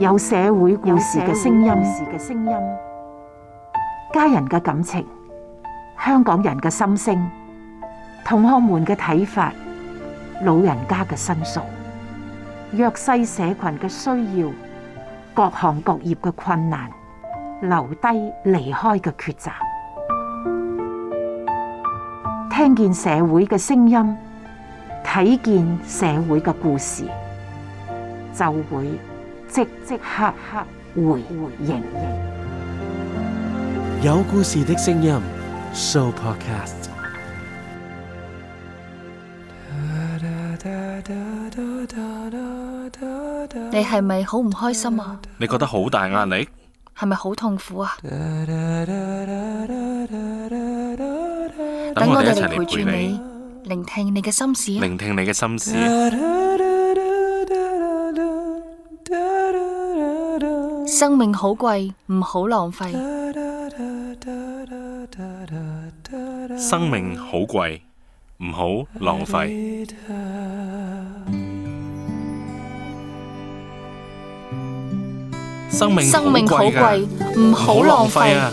有社會故事嘅聲音，家人嘅感情，香港人嘅心聲，同學們嘅睇法，老人家嘅申訴，弱勢社群嘅需要，各行各業嘅困難，留低離開嘅抉擇，聽見社會嘅聲音，睇見社會嘅故事，就會。即即刻刻回回應應，有故事的聲音，Sooo Podcast。你係咪好唔開心啊？你覺得好大壓力？係咪好痛苦啊？等我哋一齊嚟陪住你，聆聽你嘅心事，聆聽你嘅心事。生命好貴，唔好浪費。生命好貴，唔好浪費。生命好貴，唔好、啊、浪費。浪費。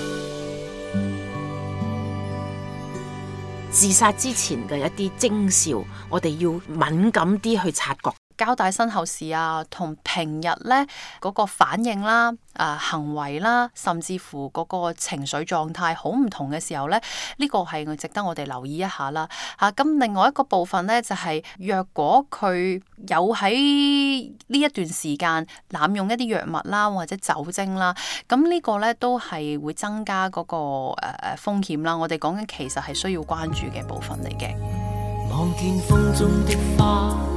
自殺之前嘅一啲徵兆，我哋要敏感啲去察覺。交代身後事啊，同平日咧嗰、嗰個反應啦、啊、呃、行為啦，甚至乎嗰個情緒狀態好唔同嘅時候咧，呢、呢個係值得我哋留意一下啦。吓、啊，咁另外一個部分咧，就係、係、若果佢有喺呢一段時間濫用一啲藥物啦，或者酒精啦，咁呢個咧都係會增加嗰、嗰個誒誒、呃、風險啦。我哋講緊其實係需要關注嘅部分嚟嘅。望見風中的花。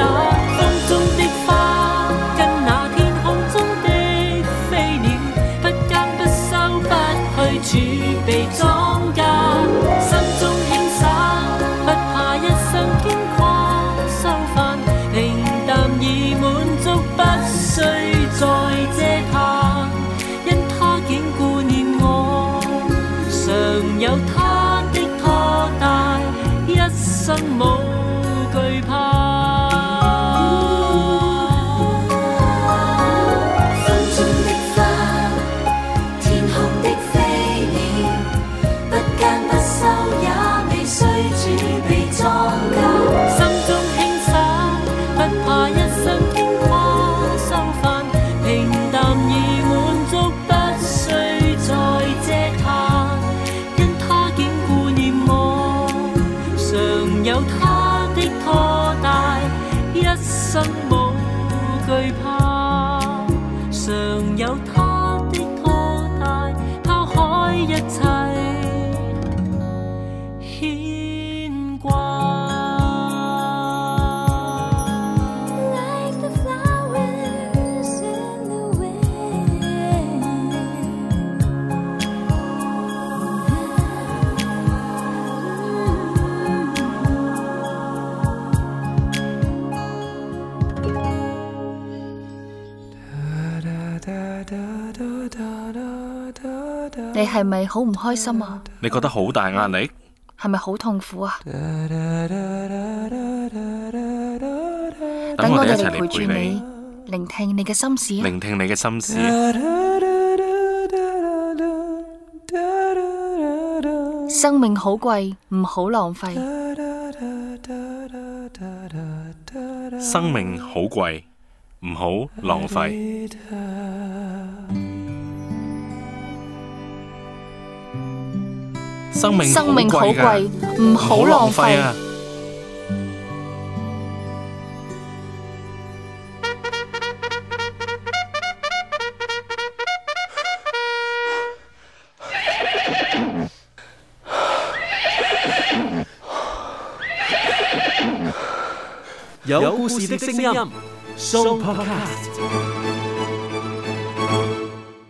一生無懼怕，常有他的拖帶，拋開一切。你係咪好唔開心啊？你覺得好大壓力？係咪好痛苦啊？等我哋一齊嚟陪住你，聆聽你嘅心事。聆聽你嘅心事。生命好貴，唔好浪費。生命好貴，唔好浪費。生命好貴噶，唔好浪費啊！有故事的聲音，Sooopodcast。